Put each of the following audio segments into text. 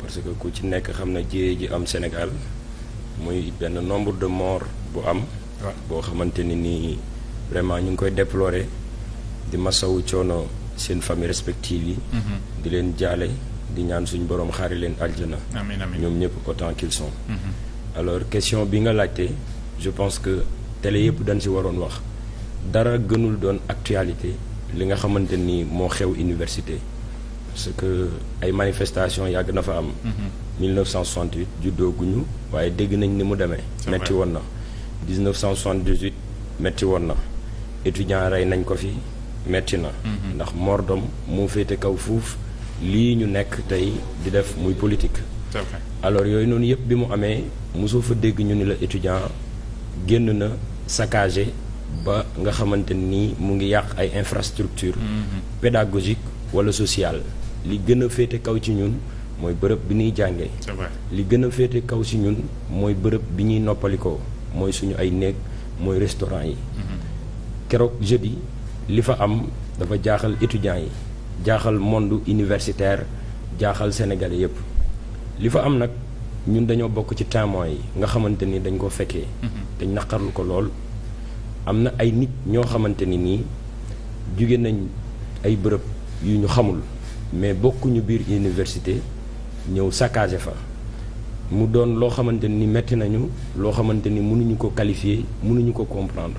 parce que ku ci nekk xam na jiyee ji am Sénégal muy benn nombre de morts bu am. boo xamante ni nii vraiment ñu ngi koy déplorer di ma masawu coono seen famille respective yi. Mhm. di leen jaale di ñaan suñu borom xaari leen aljana. amiin amiin ñoom ñëpp autant qu'ils mhm. alors question bi nga laajte je pense que tele yëpp dañ ci waroon wax dara gënul doon actualité li nga xamante ni moo xew université. parce que ay manifestation yàgg na fa am. 1968 juddoo guñu waaye dégg nañ ni mu demee. metti woon na 1978 metti woon na étudiant rey nañ ko fi metti na. Mhm. ndax mordom moo féete kaw fuuf lii ñu nekk tey di def muy politique. alors yooyu noonu yëpp bi mu amee mosoo fa dégg ñu ni la étudiant génn na saccagé ba nga xamante ni mu ngi yàq ay infrastructures mhm. pédagogiques wala sociales. li gën a féete kaw ci ñun mooy bërëb bi ñuy jànge li gën a féete kaw ci ñun mooy bërëb bi ñuy noppalikoo mooy suñu ay néeg mooy restaurant yi mm-hmm. keroog jeudi li fa am dafa jaaxal étudiants yi jaaxal monde universitaire jaaxal sénégalais yépp li fa am nag ñun dañoo bokk ci témoins yi nga xamante ni dañ ko fekkee mm-hmm. dañ naqarlu ko lool am na ay nit ñoo xamante ni nii jóge nañ ay bërëb yu ñu xamul mais bokkuñu biir université ñëw saccagé fa mu doon loo xamante ni metti nañu loo xamante ni mënuñu ko qualifier mënuñu ko comprendre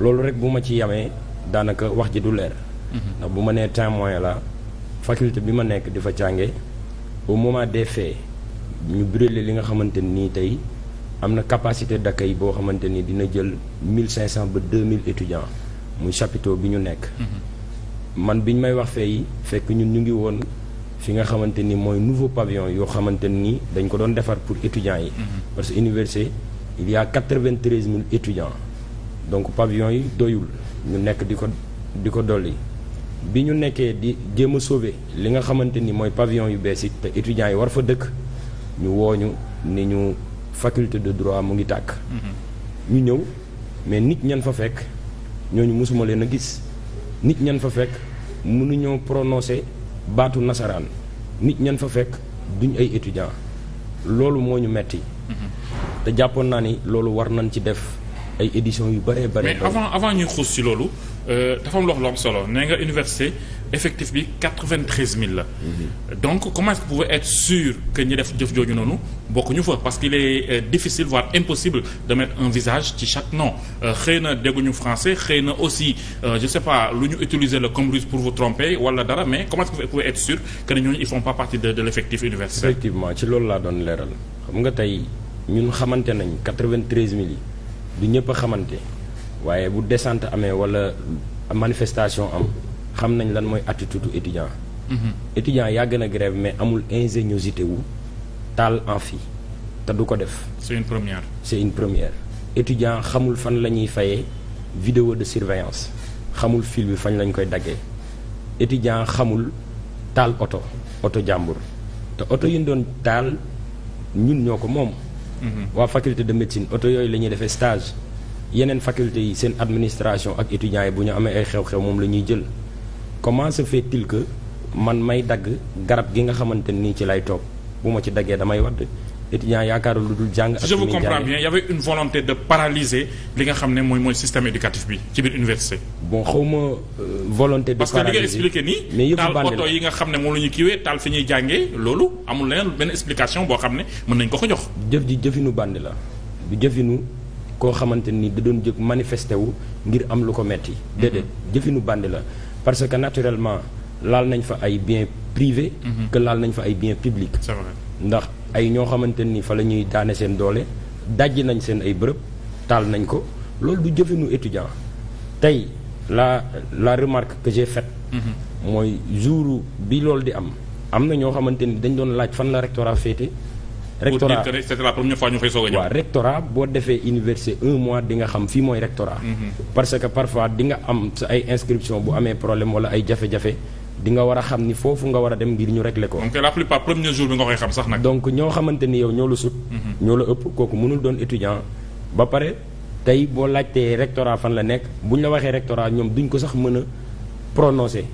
loolu rek bu ma ci yamee daanaka wax ji du leer mhm. ndax bu ma nee témoin la faculté bi ma nekk di fa jànge au moment des faits ñu brûler li nga xamante nii tey am na capacité d'accueil boo xamante ni dina jël 1500 ba 2000 étudiants mu chapiteau bi ñu nekk mhm. man bi ñu may wax fee fekk ñun ñu ngi woon fi nga xamante ni mooy nouveau pavillon yoo xamante ni dañ ko doon defar pour étudiants yi. Mhm. parce que université il y a quatre-vingt-treize mille étudiants donc pavillon yi doyul ñu nekk di ko di ko dolli. bi ñu nekkee di jéem a sauver li nga xamante ni mooy pavillon yu bees yi te étudiants yi war fa dëkk ñu wooñu ni ñu faculté de droit mu ngi tàkk. Mhm. ñu ñëw mais nit ñan fa fekk ñooñu mësuma leen a gis nit ñan fa fekk. mënuñoo prononcer baatu nasaraan nit ñan fa fekk duñ ay étudiants loolu moo ñu metti mhm. te jàppoon naa ni loolu war nañ ci def ay éditions yu bëree bëri. mais avant avant ñuy xuus ci loolu euh, dafa lox loo solo nee nga université. effectif bi quatre vingt mille la. Mhm. donc comment est-ce que vous pouvez être sûr que ñi def jëf jooju noonu bokkuñu fa parce qu'il est euh, difficile voire impossible de mettre un visage ci chaque non euh, xëy na dégguñu français xëy na aussi euh, je sais pas lu ñu utiliser la comme ruse pour vous tromper wala dara mais comment est-ce que vous pouvez être sûr que ne ñooñu ils font pas partie de de l'effectif effectivement ci loolu laa doon leeral xam nga tey ñun xamante nañ quatre-vingt-treize yi du ñëpp a xamante waaye bu descente amee wala manifestation am. xam nañ lan mooy attitude étudiant mhm. étudiant yàgg na grève mais amul ingéniosité wu taal amphi te du ko def c'est une première c'est une première étudiant xamul fan la ñuy fayee vidéo de surveillance xamul fil bi fañ lañ koy daggee étudiant xamul taal oto oto jàmbur te oto yi ñu doon taal ñun ñoo ko moom mhm. waa faculté de médecine oto yooyu la ñuy defee stage yeneen faculté yi seen administration ak étudiants yi bu ñu amee ay xew-xew moom la ñuy jël comment se fait man may dagg garab gi nga xamante nii ci lay toog bu ma ci daggee damay wadd étudiants yaakaar lu dul jàng. ak je de paralyser li nga xam ne mooy mooy système éducatif bi ci biir université. boo xaw ma euh, volonté de. parce que li nga expliqué nii. mais yëpp taal oto yi xam ne moom la ñu kiiwee taal fi ñuy jàngee loolu amul leneen benn explication boo xam ne mën nañ ko ko jox. jëf ji jëfinu bandi la du jëfinu koo xamante nii da doon jëf manifesté wu ngir am lu ko metti déedéet jëfinu bandi la. parce que naturellement laal nañ fa ay biens privés. Mhm. que laal nañ fa ay biens publics. ndax ay ñoo xamante ni fa la ñuy daane seen doole dajji nañ seen ay bërëb taal nañ ko loolu du jëfinu étudiant tey la la remarque que j'ai faite. Mhm. mooy jour bi loolu di am am na ñoo xamante ni dañ doon laaj fan la rectorat féete. rectorat pour dire que c'était rectorat boo defee université un mois di nga xam fii mooy rectorat. Mhm. parce que parfois di nga am sa ay inscription bu amee problème wala ay jafe-jafe. di nga war a xam ni foofu nga war a dem ngir ñu régler ko. donc la plupart koy xam sax nag. ñoo xamante ni yow ñoo la sut. Mhm. ñoo la ëpp kooku mënul doon étudiant. ba pare tey boo laajtee rectorat fan la nekk bu ñu la waxee rectorat ñoom duñ ko sax mën a prononcer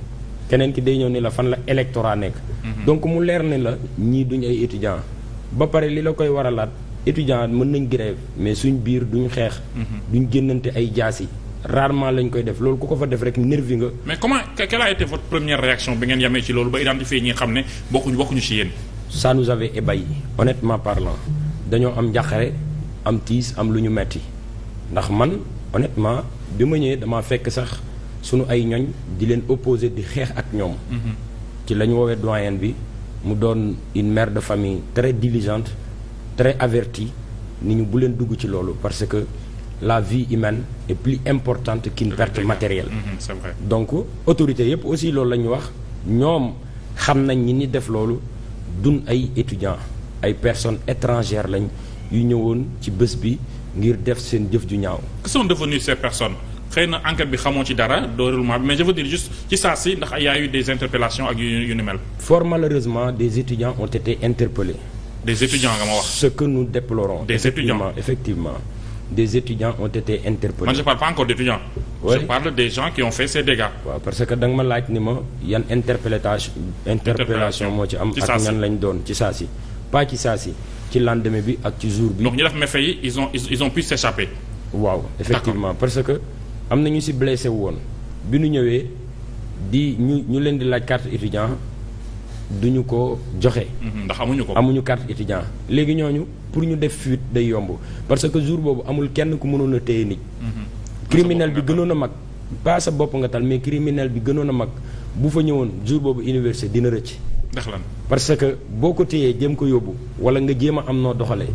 keneen ki day ñëw ni la fan la électorat nekk. Mhm. donc mu leer la ñii duñ ay étudiant ba pare li la koy waralaat étudiant mën nañ grève mais suñ biir duñ xeex. Mhm. duñ génnante ay jaas yi rarement lañ koy def loolu ku ko fa def rek nervi nga. mais comment quelle a été votre première réaction bi ngeen yamee ci loolu ba identifier ñi xam ne bokkuñu bokkuñu ci yéen. ça nous avait ébahi honnêtement parlant dañoo am njaqare am tiis am lu ñu metti ndax man honnêtement bi ma ñëwee damaa fekk sax sunu ay ñoñ di leen opposé di xeex ak ñoom. Mhm. ci lañ woowee bi. mu doon une mère de famille très diligente très avertie ni ñu bu leen dugg ci loolu parce que la vie humaine et plus importante qu'une perte matérielle mmh, donc autorité yëpp aussi loolu la ñu wax ñoom xam nañ ñi ni def loolu dun ay étudiants ay personnes étrangères lañ yu ñëwoon ci bés bi ngir def seen jëf ju ñaaw. que sont devenues ces personnes. xëy na enquête bi xamoo ci dara doo roulement bi mais je veux dire juste ci saa si ndax y a eu des interpellations ak yu ni mel. fort malheureusement des étudiants ont été interpellés. des étudiants nga ma wax. ce que nous déplorons. des étudiants effectivement ont été interpellés. man je parle pas encore des gens ont fait ces dégâts. waaw parce que da nga ma laaj ni ma moo ci am ak ñan lañ doon ci saa si. pas ci saa si ci lendemain bi ak ci jour bi. donc ñu def méfait yi ils am na ñu ci blessé woon bi nu ñëwee di ñu ñu leen di laaj carte étudiant duñu ko joxe. Mhm, ndax amuñu ko amuñu carte étudiant. léegi ñoo ñu pour ñu def fuite day yomb parce que jour boobu amul kenn ku mënoon a téye nit. Mhm. criminel bi gënoon a mag. pas sa bopp nga tal mais criminel bi gënoon a mag bu fa ñëwoon jour boobu université dina rëcc. ndax lan parce que boo ko téyee jéem ko yóbbu wala nga jéem a am noo doxalee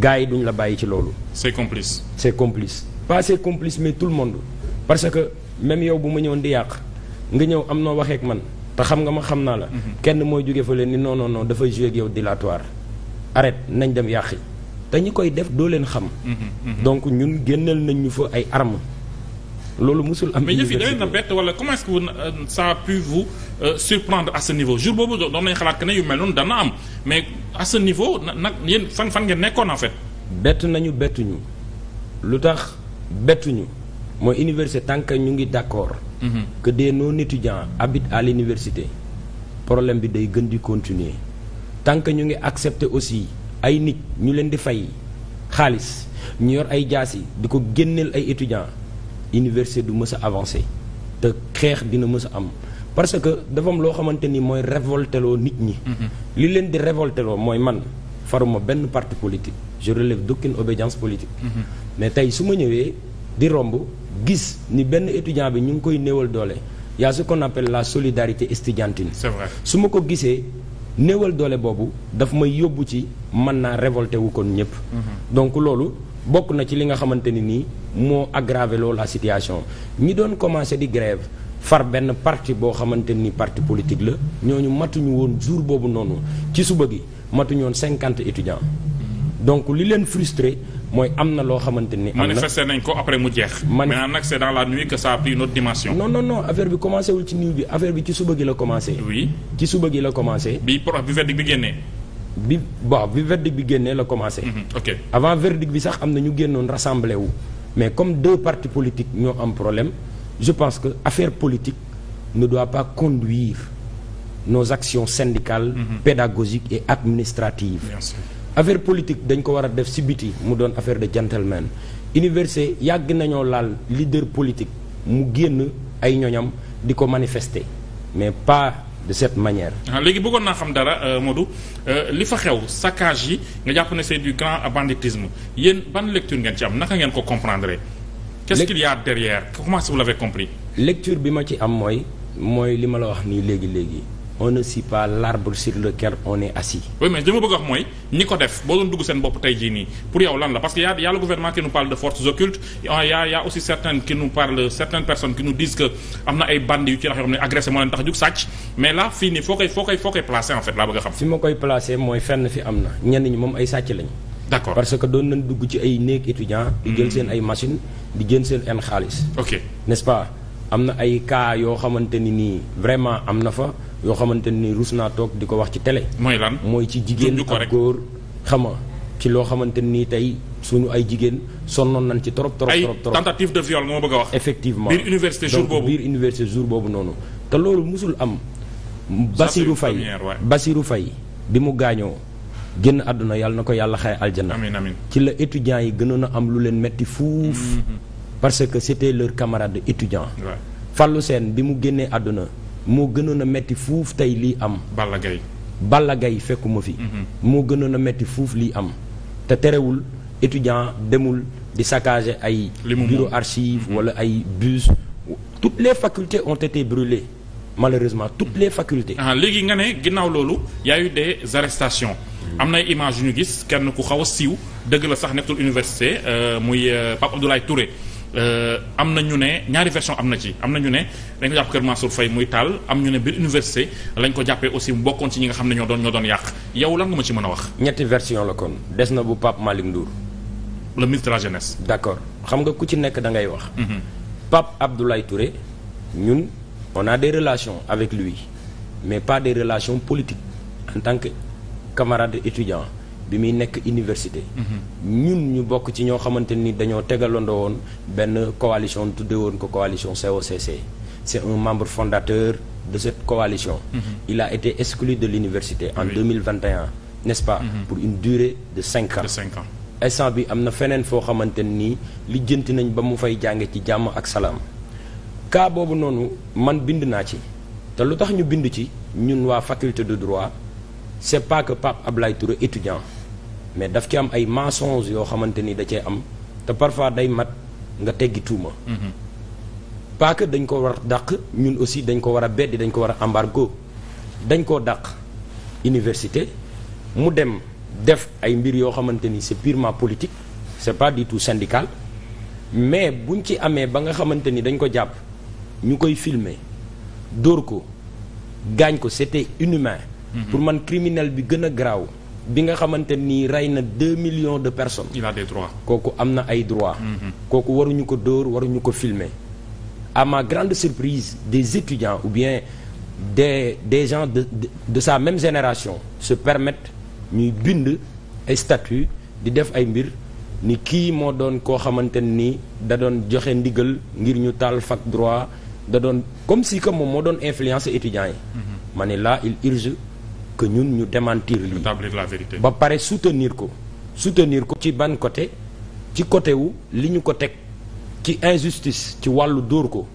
gars yi duñ la bàyyi ci loolu. c'est complice. c'est complice. pas ses complices mais tout monde parce que même yow bu ma ñëwoon di yàq nga ñëw am noo waxeek man te xam nga ma xam naa la. Mhm. kenn mooy jóge fa leen ni non non non dafay joué ak yow dilatoire arrête nañ dem yàqi te ñi koy def doo leen xam. Mhm, mhm. donc ñun génneel nañ ñu fa ay armes. loolu musul am. mais a bett wala comment est-ce que ça a pu vous euh, surprendre à ce niveau jour boobu doon nañ xalaat que ne yu mel noonu dana am mais à ce niveau nag fan fan ngeen nekkoon en fait. bett nañu bettuñu lu tax. bettuñu mooy université tant que ñu ngi d'accord mhm. que des non étudiants habitent à l'université problème bi day gën di continuer tant que ñu ngi accepter aussi ay nit ñu leen di fay xaalis ñu yor ay jaasi di ko génneel ay étudiants université du mës a avancer te xeex dina mës a am parce que dafa loo xamante ni mooy révolteloo nit ñi. Mhm. li leen di révolteloo mooy man. faruma benn parti politique je relève d'aucune obédience politique mhm. mais tey su ma ñëwee di romb gis ni benn étudiant bi ñu ngi koy néewal doole y a ce qu'on la solidarité estudiantine c'est su ma ko gisee néewal doole boobu dafa may yóbbu ci man naa révolté wu kon ñëpp mhm. donc loolu bokk na ci li nga xamante ni nii moo aggravé loolu la situation ñi doon commencé di grève far benn parti boo xamante ni parti politique la ñooñu matuñu woon jour boobu noonu ci suba gi matuñu woon cinquante étudiants donc li leen frustré mooy am na loo xamante ni. am na manifesté nañ ko après mu jeex. man maintenant nag c'est dans la nuit que ça a pris une autre dimension. non non non affaire bi commencé wul ci nuit bi affaire bi ci suba gi la commencé. suba gi la commencé. bi pro bi verdict bi génnee. bi waaw bi verdict bi génnee la commencé. Mhm, ok avant verdict bi sax am na ñu génnoon rassemblé wu. mais comme deux partis politiques ñoo am problème je pense que affaire politique ne doit pas conduire. nos actions syndicales mhm. pédagogiques et administratives affaire politique dañ ko war a def si biti mu doon affaire de gentleman université yàgg nañoo laal leader politique mu génn ay ñoñam di ko manifester mais pas de cette manière. Ah, léegi bëggoon naa xam dara euh, Modou euh, li fa xew saccage yi nga jàpp ne c'est du grand banditisme yéen ban lecture ngeen ci am naka ngeen ko comprendre. kes ce qu'il y a derrière comment vous compris. lecture bi ma ci am mooy mooy li ma la wax nii léegi léegi. on ne scie pas l'arbre sur lequel on est assis. oui mais li ma bëgg a wax mooy ñi ko def boo doon dugg seen bopp tey jii nii pour yow lan la parce que y' a y' a gouvernement qui nous parle de forces occultes y' a aussi certaines qui nous parlent certaines personnes qui nous disent que am na ay bandes yu ci rax yoo xam ne agressé moo leen tax jug sàcc mais là fii nii foo koy foo koy foo koy placé en fait laa bëgg a xam. fi ma koy placé mooy fenn fi am na ñenn ñi moom ay sàcc am na ay cas yoo xamante ni nii vraiment am na fa yoo xamante nii rus naa toog di ko wax ci télé. mooy lan mooy ci jigéen ak góor xam nga ci loo xamante nii tey suñu ay jigéen sonnoon nañ ci trop. trop trop trop ay tentative de viol moo bëgg a wax. effectivement biir université jour boobu biir boobu noonu. te loolu musul am. Basirou Faye Basirou Faye bi mu gaañoo. génn àdduna yàlla na ko yàlla xay aljana. amiin amiin ci la étudiants yi gënoon a am lu leen metti fuuf. Mm-hmm. parce que c'était leur camarade étudiant Fallou Sène bi mu génnee àdduna moo gënoon a metti fuuf tey lii am ballagay Gaye Balla Gaye fekkuma fi mm-hmm. moo gënoon a metti fuuf lii am te terewul étudiant demul di saccager ay bureau archive mm-hmm. wala ay bus toutes les facultés ont été brûlées malheureusement toutes les facultés ah léegi nga ne ginnaaw loolu y a eu mm-hmm. am na image yu ñu gis kenn ku xaw a siiw dëgg la sax nekkul université euh, muy euh, Pape Abdoulaye Touré Euh, am na ñu ne ñaari version am na ci am na ñu ne dañ ko jàpp kër Mansour Faye muy taal am ñu ne biir université lañ ko jàppee aussi mu bokkoon ci ñi nga xam ne ñoo doon ñoo doon yàq yow lan nga ma ci mën a wax. ñetti version la kon des na bu Pape Malick Ndour. le ministre de la jeunesse. d' accord xam nga ku ci nekk da ngay wax. Mhm. Pape Abdoulaye Touré ñun on a des relations avec lui mais pas des relations politiques en tant que camarade étudiant. bi muy nekk université. Mhm. ñun ñu bokk ci ñoo xamante nii dañoo tegalandoo woon benn coalition tudde woon ko coalition COCC c'est un membre fondateur de cette coalition. Mhm. il a été exclu de l'université en deux vingt et un n'est-ce mhm. pour une durée de cinq ans. de cinq ans bi am na feneen foo xamante nii lijjanti nañ ba mu fay jànge ci jàmm ak salaam cas boobu noonu man bind naa ci te lu tax ñu bind ci ñun waa faculté de droit c'est pas que Pape Ablaye toure étudiant. mais daf ci am ay mensonges yoo xamante ni da cee am te parfois day mat nga teggi tuuma. Mhm. pas dañ ko war a dàq ñun aussi dañ ko war a beddi dañ ko war a embargo dañ koo dàq université mu dem def ay mbir yoo xamante ni c'est purement politique c'est pas du tout syndical mais buñ ci amee ba nga xamante ni dañ ko jàpp ñu koy filme dóor ko gaañ ko c'était inhumain. Mhm. pour man criminel bi gën a garaaw. bi nga xamante nii rey na deux millions de personnes. il a des kooku am na ay droit mhm. kooku waruñu ko dóor waruñu ko filmer à ma grande surprise des étudiants ou bien des des gens de de, de sa même génération se permettent ñuy bind ay statut di def ay mbir ni kii moo doon koo xamante ni da doon joxe ndigal ngir ñu taal fac droit da doon comme si que moom moo doon influencer étudiants yi. Mhm. ma ne il urge. que ñun ñu démentir lii établir la vérité ba pare soutenir ko soutenir ko ci ban côté ci côté wu li ñu ko teg ci injustice ci wàllu dóor ko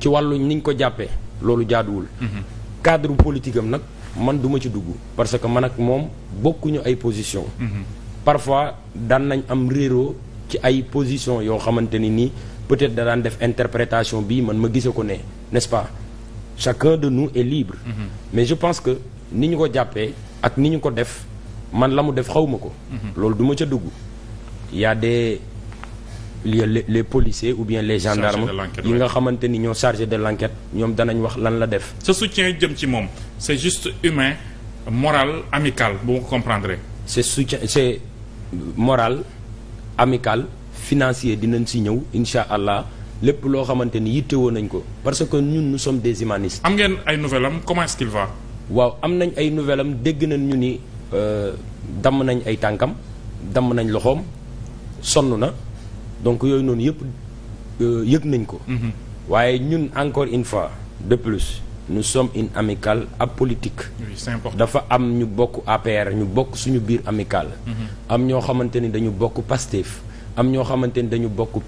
ci wàllu ni ñu ko jàppe loolu jaaduwul mhm. cadre politique am nag man duma ci dugg parce que man ak moom bokkuñu ay position mhm. parfois daan nañ am réeroo ci ay position yoo xamante ni nii peut-être da daan def interprétation bi man ma gise ko ne n'est-ce pas chacun de nu est libre mhm. mais je pense que ni ñu ko jàppee ak ni ñu ko def man la mu def xawma ko mhm. loolu duma ca dugg y a des les, les policiers ou bien les gendarmes yi nga xamante ni ñoo chargé de l'enquête ñoom danañ wax lan la def ce soutien jëm ci moom c'est juste humain moral amicale bu ma ko comprendre c'est soutien c'est moral amicale financier dinañ si ñëw insha allah lépp loo xamante ni yittewoo nañ ko parce que ñun nous sommes des humanistes am ngeen ay nouvelles am comment est-ce qu'il waaw am nañ ay nouvelle dégg nañu ñu ni euh, damm nañ ay tànkam damm nañ loxoom sonn na donc yooyu noonu yëpp euh, yëg nañ ko mhm. waaye ñun encore une fois de plus nous sommes une amicale apolitique oui, c'est dafa am ñu bokk APR ñu bokk suñu biir amical mhm. am ñoo xamante ni dañu bokk Pastef am ñoo xamante ni dañu bokk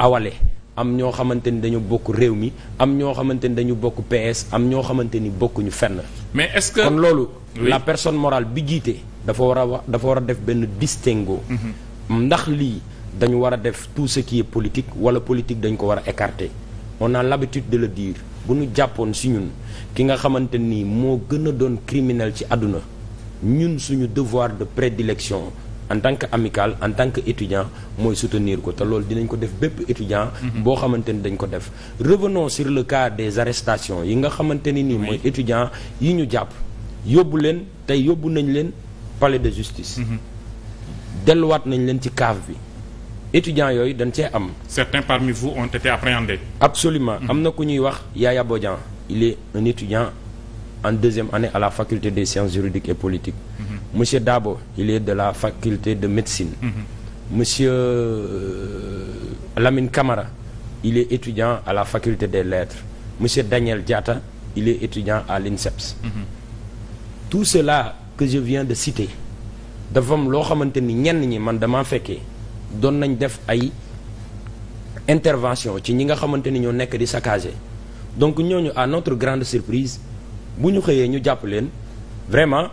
awale am ñoo xamante ni dañu bokk réew mi am ñoo xamante ni dañu bokk PS am ñoo xamante ni bokkuñu fenn. mais est-ce que kon loolu. la personne morale bi jiite dafa war a wax dafa war a def benn distinguo. Mm-hmm. ndax lii dañu war a def tout ce qui politique wala politique dañ ko war a écarter on a l'habitude de le dire bu ñu jàppoon si ñun ki nga xamante ni moo gën a doon criminel ci àdduna ñun suñu devoir de prédilection. en tant que amical en tant que étudiant mooy soutenir ko te loolu dinañ ko def bépp étudiant mhm. boo xamante ni dañ ko def revenons sur le cas des arrestations yi nga xamante ni nii mooy étudiant yi ñu jàpp yóbbu leen tey yóbbu nañ leen palais de justice mhm. delluwaat nañ leen ci cave bi étudiants yooyu dañ cee am certains parmi vous ont été appréhendés absolument mhm. am na ku ñuy wax Yaya Bodian il est un étudiant en deuxième année à la faculté des sciences juridiques et politiques monsieur Dabo il est de la faculté de médecine mhm. monsieur euh, Lamine Camara il est étudiant à la faculté des lettres monsieur Daniel Diatta il est étudiant à l'INSEPS mhm. tout cela que je viens de citer dafa am loo xamante ni ñenn ñi man damaa fekkee doon nañ def ay intervention ci ñi nga xamante ni ñoo nekk di saccager donc ñooñu à notre grande surprise bu ñu xëyee ñu jàpp leen vraiment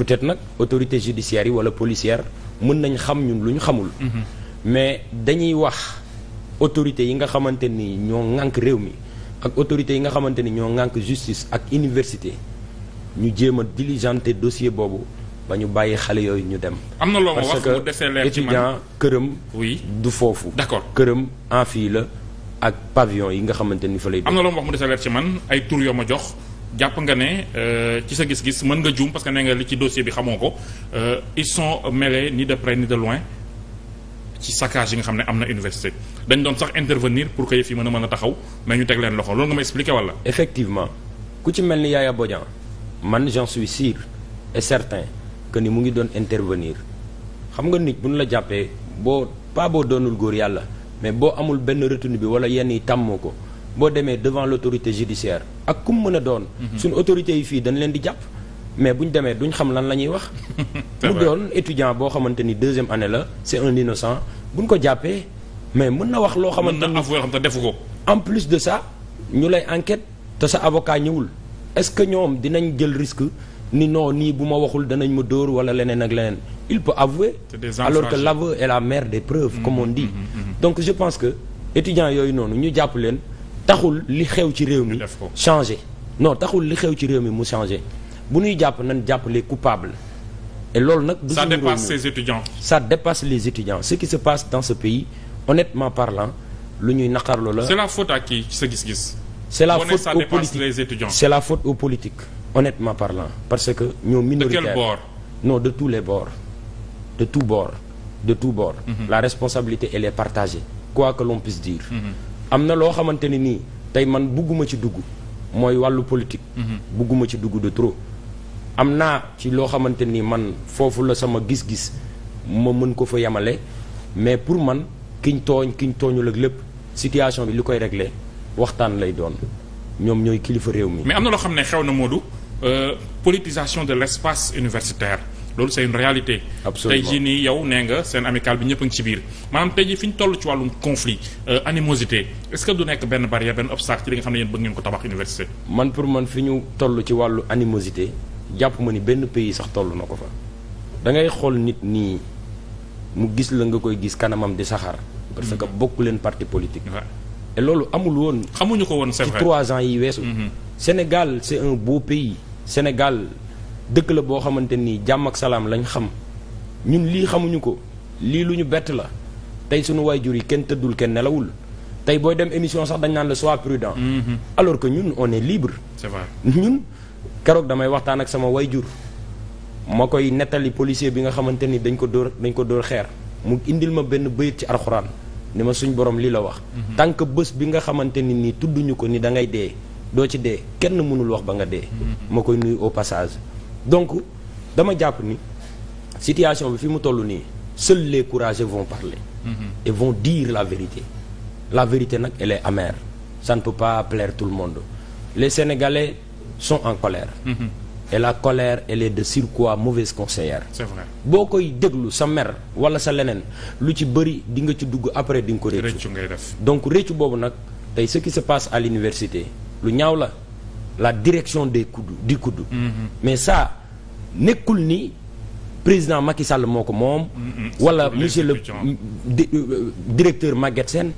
peut-être nag autorité judiciaire yi wala policière mën nañ xam ñu lu ñu xamul mhm. mais dañuy wax autorité yi nga xamante ni ñoo ŋànk réew mi ak autorité yi nga xamante ni ñoo ŋànk justice ak université ñu jéem a diligenter dossier boobu ba ñu bàyyi xale yooyu ñu dem. am na loo ma wax mu desee leer ci man du foofu. d'accord këram en fii la ak pavillon yi nga xamante ni fa lay. man ay tur yoo ma jox. jàpp nga ne euh, ci sa gis-gis mën nga juum parce que nee nga li ci dossier bi xamoo ko euh, ils sont mêlés ni de près ni de loin ci saccage yi nga xam ne am na université dañ doon sax intervenir pour que yëf yi mën a mën a taxaw mais ñu teg leen loxo loolu nga ma expliqué wala. effectivement ku ci mel ni Yaya Bodian man j'en suis sûr et certain que ni mu ngi doon intervenir xam nga nit bu ñu la jàppee boo pas doonul góor yàlla mais boo amul benn retenu bi wala yenn yi tàmmoo ko. boo demee devant l' autorité judiciaire ak kum mën a doon. Mhm. suñu autorité yi fii dañ leen di jàpp. mais buñ ñu demee duñ xam lan la ñuy wax. mu doon étudiant boo xamante ni deuxième année la c' est un innocent buñ ko jàppee mais mën na wax loo xamante ni xam te defu ko. en plus de sa ñu lay enquête te sa avocat ñëwul est ce que ñoom dinañ jël risque ni non nii bu ma waxul danañ ma dóor wala leneen ak leneen il peut avouer. alors que l'aveu et la mère des preuves. comme on mhm, dit mhm, donc je pense que étudiants yooyu noonu ñu jàpp leen. taxul li xew ci réew mi changé non taxul li xew ci réew mi mu changé bu nuy jàpp nañ jàpp les coupables et loolu nag ça dépasse ces étudiants ça dépasse les étudiants ce qui se passe dans ce pays honnêtement parlant lu ñuy naqarlu la c'est la faute à qui sa gis-gis c'est la faute aux politiques c'est la faute aux politiques honnêtement parlant parce que ñoo minoritaire no de tous les bords de tout bord de tout bord mm -hmm. la responsabilité elle est partagée quoi que l'on puisse dire mm-hmm. am na loo xamante ne nii tey man bugguma ci dugg mooy wàllu politique. Mhm. bugguma ci dugg de trop. am naa ci loo xamante ni man foofu la sama gis-gis ma mën ko fa yemale mais pour man kiñ tooñ kiñ tooñul ak lépp situation bi li koy réglé waxtaan lay doon ñoom ñooy kilifa réew mi. mais am na loo xam ne xew na moo Modou euh, politisation de l' espace universitaire. loolu c'est une réalité. absolument tey jii nii yow nee nga seen amical bi ñëpp a ngi ci biir maanaam tey jii fi ñu toll ci wàllum conflit euh, animosité est-ce que du nekk benn barrière benn obstacle ci li nga xam ne yéen bëgg ngeen ko man pour man fi ñu wàllu animosité jàpp ma ni benn pays sax toll na ko fa da ngay xool nit nii mu gis la nga koy gis kanamam di saxaar. parce que mm-hmm. bokk leen parti politique. et loolu amul woon. xamuñu ko woon c'est ci trois ans yi weesu. Mm-hmm. Sénégal c'est un beau pays Sénégal. dëkk la boo xamante nii jàmm ak salaam lañ xam ñun lii xamuñu ko lii lu ñu bett la tey suñu waajur yi kenn tëddul kenn nelawul tey booy dem émission sax dañ naan la sois prudent. Mm-hmm. alors que ñun on libre. c'est vrai ñun keroog damay waxtaan ak sama waajur ma koy nettali policier bi nga xamante ni dañ ko dóor dañ ko dóor xeer mu indil ma benn bayit ci alxuraan ni ma suñ borom lii la wax. Mm-hmm. tant que bés bi nga xamante ni nii tudduñu ko ni dangay dee doo ci dee kenn mënul wax ba nga dee. Mm-hmm. ma koy nuyu au passage. donc dama jàpp ni situation bi fi mu toll nii seuls les courageux vont parler mhm. et vont dire la vérité la vérité nag elle est amère ça ne pas plaire tout le monde les Sénégalais son en colère mhm. et la colère elle est de surcroît mauvaise conseillère boo koy déglu sa mer wala sa leneen lu ci bëri di nga ci dugg après di nga ko réccu donc réccu boobu nag tey ce qui se passe à l'université lu ñaaw la la direction des kuddu di kuddu mm-hmm. mais ça nekkul ni président Macky Sall moo ko moom mm-hmm. wala monsieur le euh, euh, directeur Maguette Sène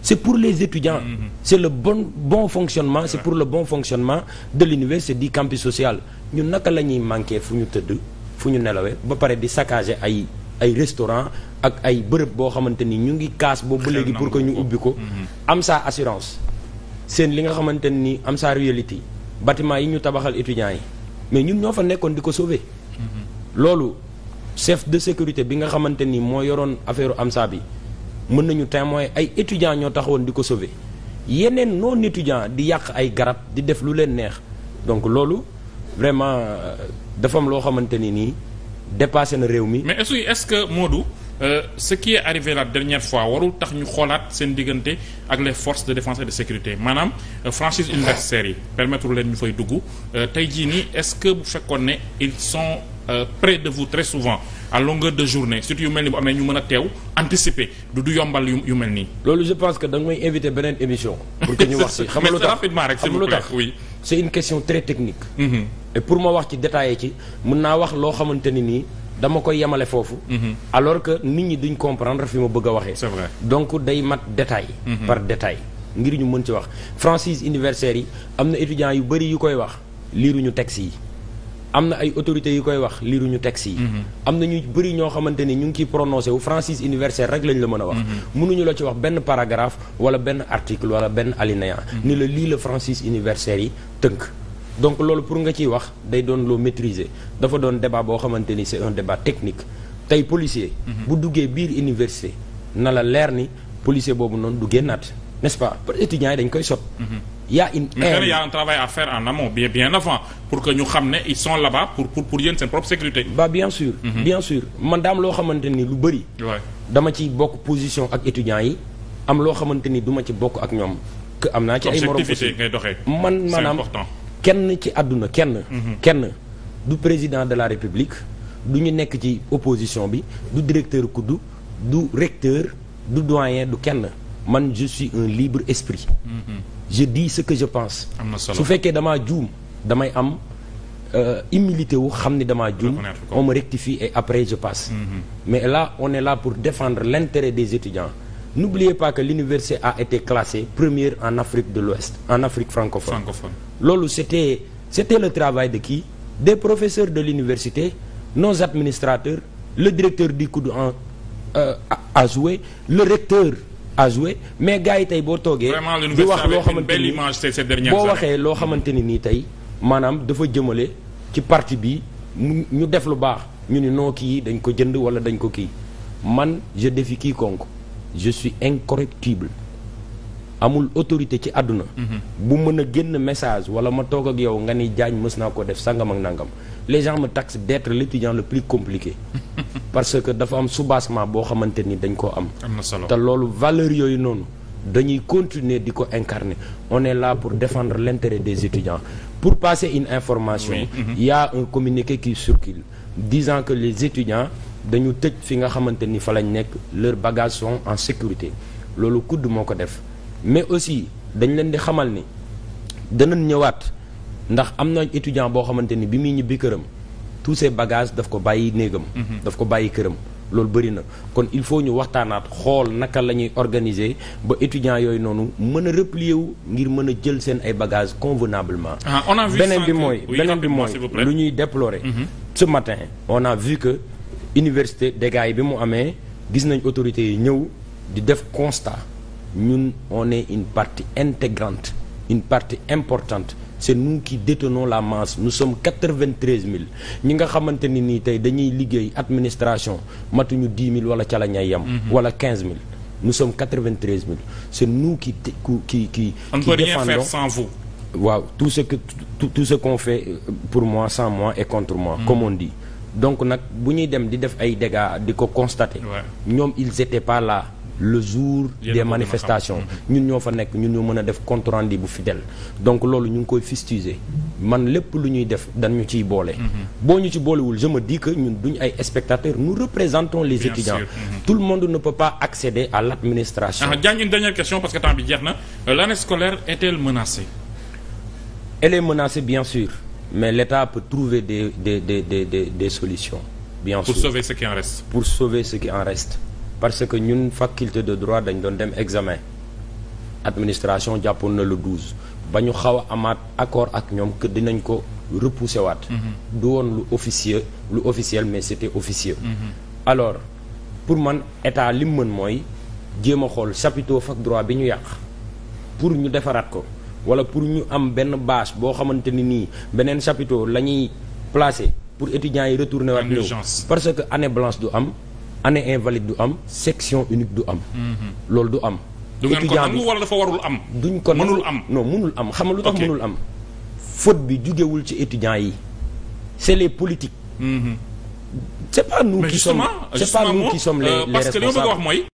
c'est pour les étudiants mm-hmm. c'est le bon bon fonctionnement c'est pour le bon fonctionnement de l'université du campus social ñu naka la ñuy manqué fu ñu tëdd fu ñu nelawee ba pare di saccager ay ay restaurant ak ay bërëb boo xamante ni ñu ngi kaas boobu ba léegi pour que ñu ubbi ko am sa assurance seen li nga xamante ni am sa réalité bâtiment yi ñu tabaxal étudiants yi mais ñun ñoo fa nekkoon di ko sauver. loolu chef de sécurité bi nga xamante ni moo yoroon affaire AMSA bi mën nañu témoin ay étudiants ñoo taxawoon di ko sauver yeneen non étudiants di yàq ay garab di def lu leen neex donc loolu vraiment euh, dafa am loo xamante ni nii dépassé na réew mi. mais est-ce que Modou. Euh, ce qui est arrivé la dernière fois warul tax ñu xoolaat seen diggante ak les forces de défense et de sécurité maanaam euh, franchise universitaire yi permettre leen ñu fay dugg euh, tey jii nii est-ce que bu fekkoon ne ils sont près de vous très souvent à longueur de journée surtout yu mel ni bu amee ñu mën a teew anticiper du du yombal yu mel nii. loolu je pense que da nga may invité beneen émission. pour que ñu wax ci xam nga lu tax rapidement rek s'il vous plaît oui. c'est une question mm-hmm. wax loo xamante ni nii. dama koy yemale foofu. Mhm. alors que nit ñi duñ comprendre fi ma bëgg a waxee. c'est vrai donc day mat détail. Mhm. par détail ngir ñu mën ci wax franchise universitaire yi am na étudiants yu bëri yu koy wax liiruñu texte yi. am na ay autorités yu koy wax liiruñu texte yi. Mhm. am na ñu bëri ñoo xamante ni ñu ngi ciy prononcé wu franchise universitaire rek lañ la mën a wax. mënuñu la ci wax benn paragraphe wala benn article wala benn alinéa. ni la lii la franchise universitaire yi tënk. donc loolu pour nga ciy wax day doon loo maîtriser dafa doon débat boo xamante ni c'est un débat technique tey policier. Mhm. bu duggee biir université na la leer ni policier boobu noonu du génnaat n'est-ce pas pour étudiants yi dañ koy sot mhm. ya a une mais a un travail à faire en amont bien bien avant pour que ñu xam ne ils sont pour pour pour yéen seen propre sécurité. ba bien sûr. Mm -hmm. bien loo xamante ni lu bëri. dama ci bokk position ak étudiants yi am loo xamante ni du ma ci bokk ak ñoom. que am naa ci ay doxee man maanaam kenn ci àdduna kenn mhm. kenn du président de la république du ñu nekk ci opposition bi du directeur kuddu du recteur du doyen du kenn man je suis un libre esprit mhm. je dis ce que je pense su fekkee damaa juum damay am euh, humilité wu xam ni damaa juum on me rectifie et après je passe mhm. mais là on est là pour défendre l'intérêt des étudiants n'oubliez pas que l'université a été classée première en Afrique de l'Ouest en Afrique francophone. francophone. loolu c'était c'était le travail de qui des professeurs de l'université nos administrateurs le directeur du COUD en euh, a joué le recteur a joué mais gars yi tey boo toogee. di wax loo xamante ni boo waxee loo xamante ni nii tey maanaam dafa jëmale ci parti bi mu ñu def lu baax ñu ni noo kii dañ ko jënd wala dañ ko kii man je kii konk je suis incorruptible amul autorité ci àdduna mhm. bu mën a génn message wala ma toog ak yow nga ni Diagne mës naa ko def sangam ak nangam les gens me taxent d'être l'étudiant le plus compliqué parce que dafa am soubassement boo xamante ni dañ koo am am na solo te loolu valeur yooyu noonu dañuy continuer di ko incarner on est là pour défendre l'intérêt des étudiants pour passer une information mhm. il a un communiqué qui circule disant que les étudiants dañu tëj fi nga xamante ni fa lañu nekk leurs bagages en sécurité loolu kudd moo ko def mais aussi dañ leen di xamal ni danañ ñëwaat ndax am na étudiant boo xamante ni bi muy ñibbi këram tous ces bagages daf ko bàyyi néegam mhm. daf ko bàyyi këram loolu bëri na kon il faut ñu waxtaanaat xool naka la ñuy organiser ba étudiants yooyu noonu mën a replier wu ngir mën a jël seen ay bagages convenablement ah, beneen bi mooy beneen bi mooy lu ñuy déplorer mhm. ce matin on a vu que université dégâts yi bi mu amee gis nañ autorités yi ñëw di def constat ñun on est une partie intégrante une partie importante c'est nu qui détenons la masse nous sommes 93 000 ñi nga xamante ni nii tey dañuy liggéey administration matuñu 10 000 wala ca la ñay yem. Mhm. wala 15 000 nous sommes 93 000 c'est nous qui qui qui. waaw tout ce que tout, tout ce qu'on fait euh, pour moi cent moi et contre moi. Mhm. comme on dit. donc nag bu ñuy dem di def ay dégâts di ko constater. ñoom ils étaient pas là le jour des manifestation ñun ñoo fa nekk ñun ñoo mën a def compte rendu bu fidèle donc loolu ñu ngi koy fustiger man lépp lu ñuy def dañu ciy boole mm-hmm. boo ñu ci boolewul je me dis ñun duñu ay spectateurs nous représentons les Bien mm-hmm. tout le monde ne peut pas accéder à l'administration Diagne ah, une dernière question parce que temps bi jeex na euh, l'année scolaire est-elle menacée elle est menacée bien sûr mais l'État peut trouver des des des des des, des solutions. bien pour sûr pour sauver ce qui en reste. pour sauver ce en reste parce que ñun faculté de droit dañu doon dem examen administration jàppoon na lu 12 ba ñu xaw a amaat accord ak ñoom que dinañ ko repousser waat. Mhm. du woon lu officieux lu officiel mais c'était officieux. Mm alors pour man état li mën mooy jéem a xool chapiteau fac droit bi ñu yàq pour ñu defaraat ko. wala pour ñu am benn bâche boo xamante ni nii beneen chapiteau la ñuy placer pour étudiants yi retourner waat ñëw parce que année blanche du am année invalide du am section unique du am mhm. loolu du am étudiant bi wala dafa warul am duñ ko mënul am non mënul am xam nga lu tax mënul am faute bi jugewul ci étudiants yi c'est les politiques mm -hmm. c'est pas nous qui sommes